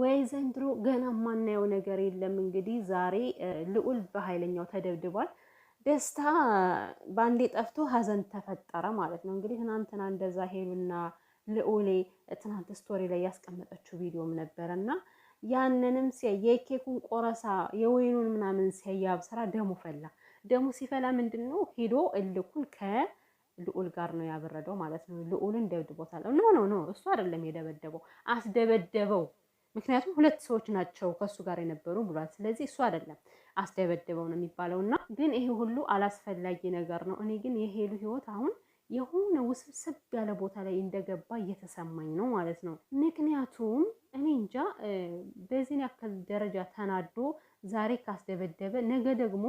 ወይ ዘንድሮ ገና ማናየው ነገር የለም። እንግዲህ ዛሬ ልዑል በኃይለኛው ተደብድቧል። ደስታ በአንዴ ጠፍቶ ሀዘን ተፈጠረ ማለት ነው። እንግዲህ ትናንትና እንደዛ ሄሉና ልዑሌ ትናንት ስቶሪ ላይ ያስቀመጠችው ቪዲዮም ነበረ እና ያንንም ሲያይ የኬኩን ቆረሳ የወይኑን ምናምን ሲያይ ያብሰራ ደሙ ፈላ። ደሙ ሲፈላ ምንድን ነው ሄዶ እልኩን ከልዑል ጋር ነው ያበረደው ማለት ነው። ልዑልን ደብድቦታል። ኖ ኖ ኖ እሱ አይደለም የደበደበው አስደበደበው ምክንያቱም ሁለት ሰዎች ናቸው ከእሱ ጋር የነበሩ ብሏል። ስለዚህ እሱ አይደለም አስደበደበው ነው የሚባለው እና ግን ይሄ ሁሉ አላስፈላጊ ነገር ነው። እኔ ግን የሄሉ ህይወት አሁን የሆነ ውስብስብ ያለ ቦታ ላይ እንደገባ እየተሰማኝ ነው ማለት ነው። ምክንያቱም እኔ እንጃ በዚህን ያክል ደረጃ ተናዶ ዛሬ ካስደበደበ ነገ ደግሞ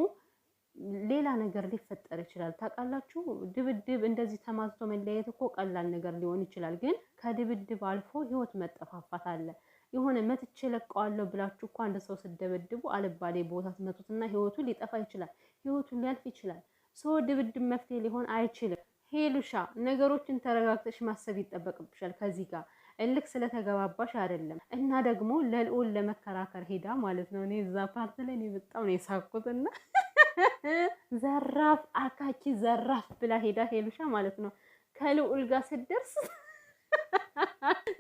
ሌላ ነገር ሊፈጠር ይችላል። ታውቃላችሁ፣ ድብድብ እንደዚህ ተማዝቶ መለያየት እኮ ቀላል ነገር ሊሆን ይችላል፣ ግን ከድብድብ አልፎ ህይወት መጠፋፋት አለ። የሆነ መትቼ ለቀዋለሁ ብላችሁ እኮ አንድ ሰው ስደበድቡ አልባሌ ቦታ ትመቱትና ህይወቱ ሊጠፋ ይችላል፣ ህይወቱ ሊያልፍ ይችላል። ሰው ድብድብ መፍትሄ ሊሆን አይችልም። ሄሉሻ ነገሮችን ተረጋግተሽ ማሰብ ይጠበቅብሻል። ከዚህ ጋር እልክ ስለተገባባሽ አይደለም እና ደግሞ ለልዑል ለመከራከር ሄዳ ማለት ነው። እኔ እዛ ፓርት ላይ እኔ በጣም ነው የሳኩትና ዘራፍ አካኪ ዘራፍ ብላ ሄዳ ሄሉሻ ማለት ነው ከልዑል ጋር ስደርስ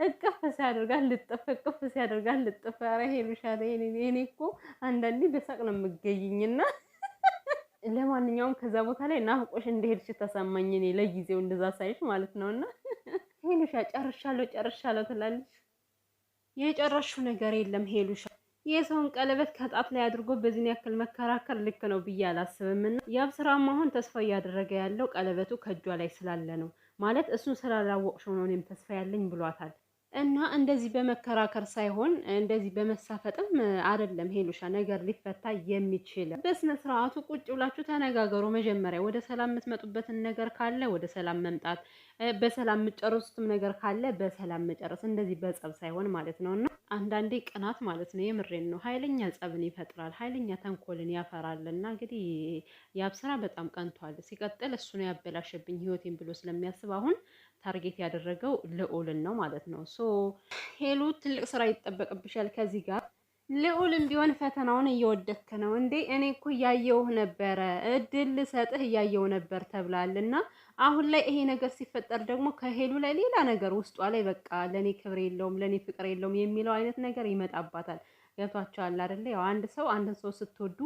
እቅፍ ሲያደርጋት ልጥፍ እቅፍ ሲያደርጋት ልጥፍ። ኧረ ሄሉሻለ እኔ እኮ አንዳንዴ በሳቅ ነው የምገኝኝና ለማንኛውም ከዛ ቦታ ላይ ናፍቆሽ እንደሄድሽ ተሰማኝ። እኔ ለጊዜው እንደዛ ሳይሽ ማለት ነው። እና ሄሉሻ ጨርሻለሁ ጨርሻለሁ ትላለች። የጨረሹ ነገር የለም ሄሉሻ። የሰውን ቀለበት ከጣት ላይ አድርጎ በዚህን ያክል መከራከር ልክ ነው ብዬ አላስብም። እና ያብ አሁን ተስፋ እያደረገ ያለው ቀለበቱ ከእጇ ላይ ስላለ ነው። ማለት እሱን ስላላወቅሽው ነው እኔም ተስፋ ያለኝ ብሏታል። እና እንደዚህ በመከራከር ሳይሆን እንደዚህ በመሳፈጥም አይደለም ሄሉሻ ነገር ሊፈታ የሚችል። በስነ ስርዓቱ ቁጭ ብላችሁ ተነጋገሩ። መጀመሪያ ወደ ሰላም የምትመጡበትን ነገር ካለ ወደ ሰላም መምጣት፣ በሰላም የምትጨርሱትም ነገር ካለ በሰላም መጨረስ፣ እንደዚህ በጸብ ሳይሆን ማለት ነው። እና አንዳንዴ ቅናት ማለት ነው፣ የምሬን ነው፣ ኃይለኛ ጸብን ይፈጥራል፣ ኃይለኛ ተንኮልን ያፈራል። እና እንግዲህ ያብስራ በጣም ቀንቷል። ሲቀጥል እሱ ነው ያበላሸብኝ ህይወቴን ብሎ ስለሚያስብ አሁን ታርጌት ያደረገው ልዑልን ነው ማለት ነው። ሶ ሄሉ ትልቅ ስራ ይጠበቅብሻል ከዚህ ጋር ልዑልም ቢሆን ፈተናውን እየወደድክ ነው እንዴ? እኔ እኮ እያየውህ ነበረ፣ እድል ልሰጥህ እያየው ነበር ተብላል እና አሁን ላይ ይሄ ነገር ሲፈጠር ደግሞ ከሄሉ ላይ ሌላ ነገር ውስጧ ላይ በቃ ለእኔ ክብር የለውም ለእኔ ፍቅር የለውም የሚለው አይነት ነገር ይመጣባታል። ገብቷቸዋል አደለ? ያው አንድ ሰው አንድን ሰው ስትወዱ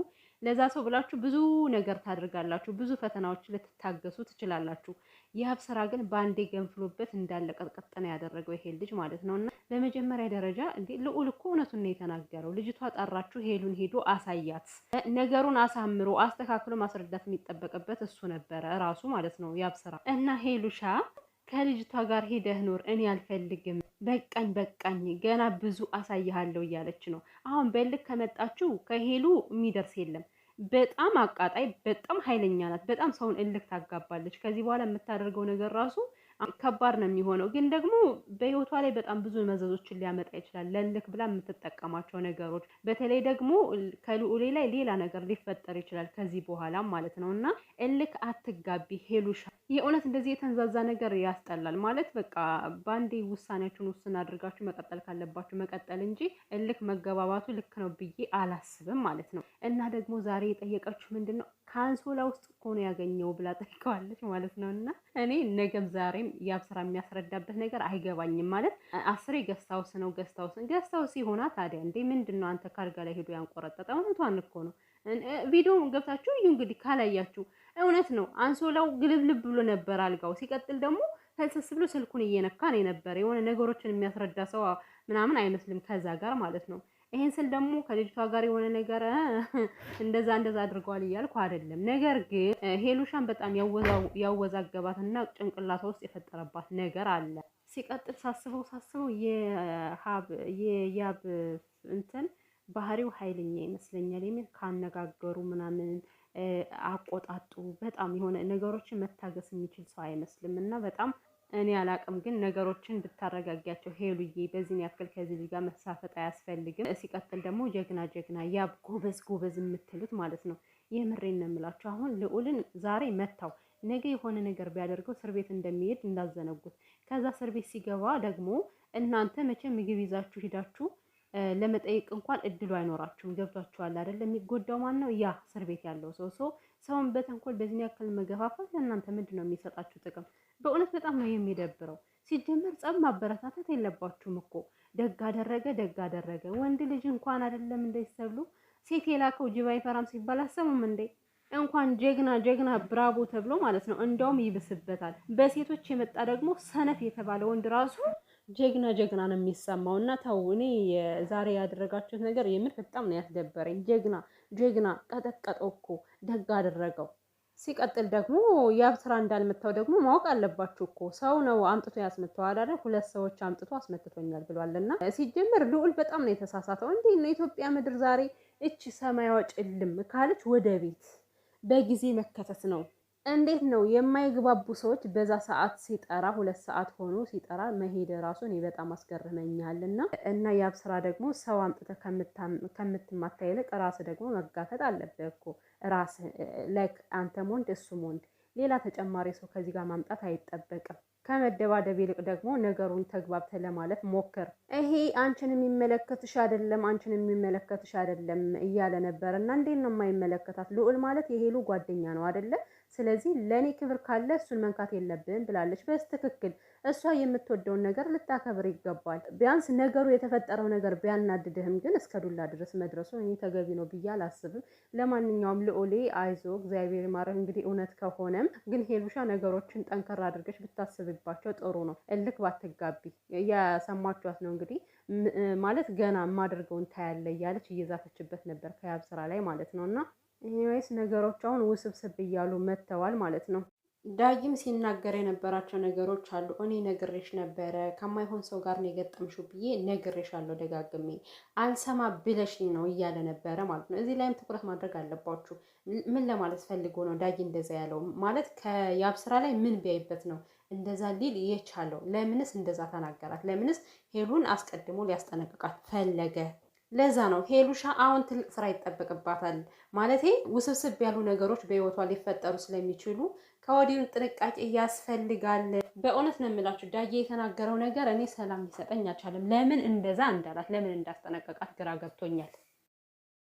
ለዛ ሰው ብላችሁ ብዙ ነገር ታደርጋላችሁ፣ ብዙ ፈተናዎች ልትታገሱ ትችላላችሁ። የሀብ ስራ ግን በአንዴ ገንፍሎበት እንዳለ ቀጥቀጥ ያደረገው ይሄ ልጅ ማለት ነው። እና በመጀመሪያ ደረጃ እንዴ ልዑል እኮ እውነቱን ነው የተናገረው። ልጅቷ ጠራችሁ፣ ሄሉን ሄዶ አሳያት፣ ነገሩን አሳምሮ አስተካክሎ ማስረዳት የሚጠበቅበት እሱ ነበረ ራሱ ማለት ነው የሀብ ስራ እና ሄሉሻ ከልጅቷ ጋር ሄደህ ኖር እኔ አልፈልግም በቃኝ በቃኝ ገና ብዙ አሳይሃለሁ እያለች ነው። አሁን በልክ ከመጣችሁ ከሄሉ የሚደርስ የለም። በጣም አቃጣይ፣ በጣም ኃይለኛ ናት። በጣም ሰውን እልክ ታጋባለች። ከዚህ በኋላ የምታደርገው ነገር ራሱ ከባድ ነው የሚሆነው። ግን ደግሞ በህይወቷ ላይ በጣም ብዙ መዘዞችን ሊያመጣ ይችላል። ለልክ ብላ የምትጠቀማቸው ነገሮች፣ በተለይ ደግሞ ከልዑሌ ላይ ሌላ ነገር ሊፈጠር ይችላል ከዚህ በኋላ ማለት ነው እና እልክ አትጋቢ ሄሉሻ። የእውነት እንደዚህ የተንዛዛ ነገር ያስጠላል። ማለት በቃ በአንዴ ውሳኔያችሁን ውስን አድርጋችሁ መቀጠል ካለባችሁ መቀጠል እንጂ እልክ መገባባቱ ልክ ነው ብዬ አላስብም ማለት ነው እና ደግሞ ዛሬ የጠየቀችው ምንድን ነው ከአንሶላ ውስጥ እኮ ነው ያገኘው ብላ ጠይቀዋለች ማለት ነው። እና እኔ ነገም ዛሬም ያብ ስራ የሚያስረዳበት ነገር አይገባኝም ማለት አስሬ ገስታውስ ነው ገስታውስ ገስታውስ ይሆና ታዲያ እንዴ ምንድን ነው አንተ ካልጋ ላይ ሄዶ ያንቆረጠጠ? እውነቷን እኮ ነው። ቪዲዮ ገብታችሁ እዩ እንግዲህ ካላያችሁ፣ እውነት ነው አንሶላው ግልብልብ ብሎ ነበር አልጋው። ሲቀጥል ደግሞ ፈልሰስ ብሎ ስልኩን እየነካ ነው የነበረ የሆነ ነገሮችን የሚያስረዳ ሰው ምናምን አይመስልም ከዛ ጋር ማለት ነው። ይሄን ስል ደግሞ ከልጅቷ ጋር የሆነ ነገር እንደዛ እንደዛ አድርገዋል እያልኩ አይደለም። ነገር ግን ሄሉሻን በጣም ያወዛገባትና ጭንቅላቷ ውስጥ የፈጠረባት ነገር አለ። ሲቀጥል ሳስበው ሳስበው የያብ እንትን ባህሪው ኃይለኛ ይመስለኛል የሚል ካነጋገሩ ምናምን አቆጣጡ በጣም የሆነ ነገሮችን መታገስ የሚችል ሰው አይመስልም እና በጣም እኔ አላቅም ግን ነገሮችን ብታረጋጊያቸው ሄሉዬ፣ በዚህን ያክል ከዚህ ጋር መሳፈጥ አያስፈልግም። ሲቀጥል ደግሞ ጀግና ጀግና ያብ ጎበዝ ጎበዝ የምትሉት ማለት ነው። የምሬን ነው የምላችሁ። አሁን ልዑልን ዛሬ መታው፣ ነገ የሆነ ነገር ቢያደርገው እስር ቤት እንደሚሄድ እንዳዘነጉት። ከዛ እስር ቤት ሲገባ ደግሞ እናንተ መቼ ምግብ ይዛችሁ ሂዳችሁ ለመጠየቅ እንኳን እድሉ አይኖራችሁም። ገብቷችኋል አይደለም? የሚጎዳው ማን ነው? ያ እስር ቤት ያለው ሰው። ሰውን በተንኮል በዚህ ያክል መገፋፋት ለእናንተ ምንድን ነው የሚሰጣችሁ ጥቅም? በእውነት በጣም ነው የሚደብረው። ሲጀመር ጸብ ማበረታታት የለባችሁም እኮ ደግ አደረገ ደግ አደረገ። ወንድ ልጅ እንኳን አይደለም እንዳይሰብሉ ሴት የላከው ጅብ አይፈራም ሲባል አሰሙም እንዴ? እንኳን ጀግና ጀግና ብራቦ ተብሎ ማለት ነው። እንደውም ይብስበታል። በሴቶች የመጣ ደግሞ ሰነፍ የተባለ ወንድ ራሱ ጀግና ጀግና ነው የሚሰማው። እና ተው፣ እኔ ዛሬ ያደረጋችሁት ነገር የምር በጣም ነው ያስደበረኝ። ጀግና ጀግና ቀጠቀጠው እኮ ደግ አደረገው። ሲቀጥል ደግሞ የአብትራ እንዳልመታው ደግሞ ማወቅ አለባችሁ እኮ ሰው ነው አምጥቶ ያስመታው አዳረ ሁለት ሰዎች አምጥቶ አስመትቶኛል ብሏል። እና ሲጀምር ልዑል በጣም ነው የተሳሳተው። እንዲህ ነው ኢትዮጵያ ምድር ዛሬ እች ሰማያዊ ጭልም ካለች ወደ ቤት በጊዜ መከተት ነው እንዴት ነው የማይግባቡ ሰዎች በዛ ሰዓት ሲጠራ ሁለት ሰዓት ሆኖ ሲጠራ መሄድ ራሱ እኔ በጣም አስገርመኛል። እና እና ያብ ስራ ደግሞ ሰው አምጥተ ከምትማታ ይልቅ ራስ ደግሞ መጋፈጥ አለብህ እኮ ራስ ላይክ አንተም ወንድ እሱም ወንድ፣ ሌላ ተጨማሪ ሰው ከዚህ ጋር ማምጣት አይጠበቅም። ከመደባደብ ይልቅ ደግሞ ነገሩን ተግባብተ ለማለፍ ሞክር። ይሄ አንቺን የሚመለከትሽ አይደለም፣ አንቺን የሚመለከትሽ አይደለም እያለ ነበር እና እንዴት ነው የማይመለከታት? ልዑል ማለት የሄሉ ጓደኛ ነው አይደለም ስለዚህ ለእኔ ክብር ካለ እሱን መንካት የለብን ብላለች። በስትክክል እሷ የምትወደውን ነገር ልታከብር ይገባል። ቢያንስ ነገሩ የተፈጠረው ነገር ቢያናድድህም ግን እስከ ዱላ ድረስ መድረሱ እኔ ተገቢ ነው ብዬ አላስብም። ለማንኛውም ልኦሌ አይዞ እግዚአብሔር ይማረህ። እንግዲህ እውነት ከሆነም ግን ሄሉሻ ነገሮችን ጠንከር አድርገሽ ብታስብባቸው ጥሩ ነው። እልክ ባትጋቢ። የሰማችኋት ነው እንግዲህ ማለት ገና የማደርገውን ታያለ እያለች እየዛፈችበት ነበር ከያብ ስራ ላይ ማለት ነው እና ይህስ ነገሮች አሁን ውስብስብ እያሉ መጥተዋል ማለት ነው። ዳጊም ሲናገር የነበራቸው ነገሮች አሉ። እኔ ነግሬሽ ነበረ ከማይሆን ሰው ጋር ነው የገጠምሽው ብዬ አለው ደጋግሜ አልሰማ ብለሽኝ ነው እያለ ነበረ ማለት ነው። እዚህ ላይም ትኩረት ማድረግ አለባችሁ። ምን ለማለት ፈልጎ ነው ዳጊ እንደዛ ያለው ማለት ከያብ ስራ ላይ ምን ቢያይበት ነው እንደዛ ሊል የቻለው? ለምንስ እንደዛ ተናገራት? ለምንስ ሄሉን አስቀድሞ ሊያስጠነቅቃት ፈለገ? ለዛ ነው ሄሉሻ አሁን ትልቅ ስራ ይጠበቅባታል። ማለቴ ውስብስብ ያሉ ነገሮች በህይወቷ ሊፈጠሩ ስለሚችሉ ከወዲሁ ጥንቃቄ ያስፈልጋል። በእውነት ነው የምላችሁ፣ ዳዬ የተናገረው ነገር እኔ ሰላም ሊሰጠኝ አልቻለም። ለምን እንደዛ እንዳላት፣ ለምን እንዳስጠነቀቃት ግራ ገብቶኛል።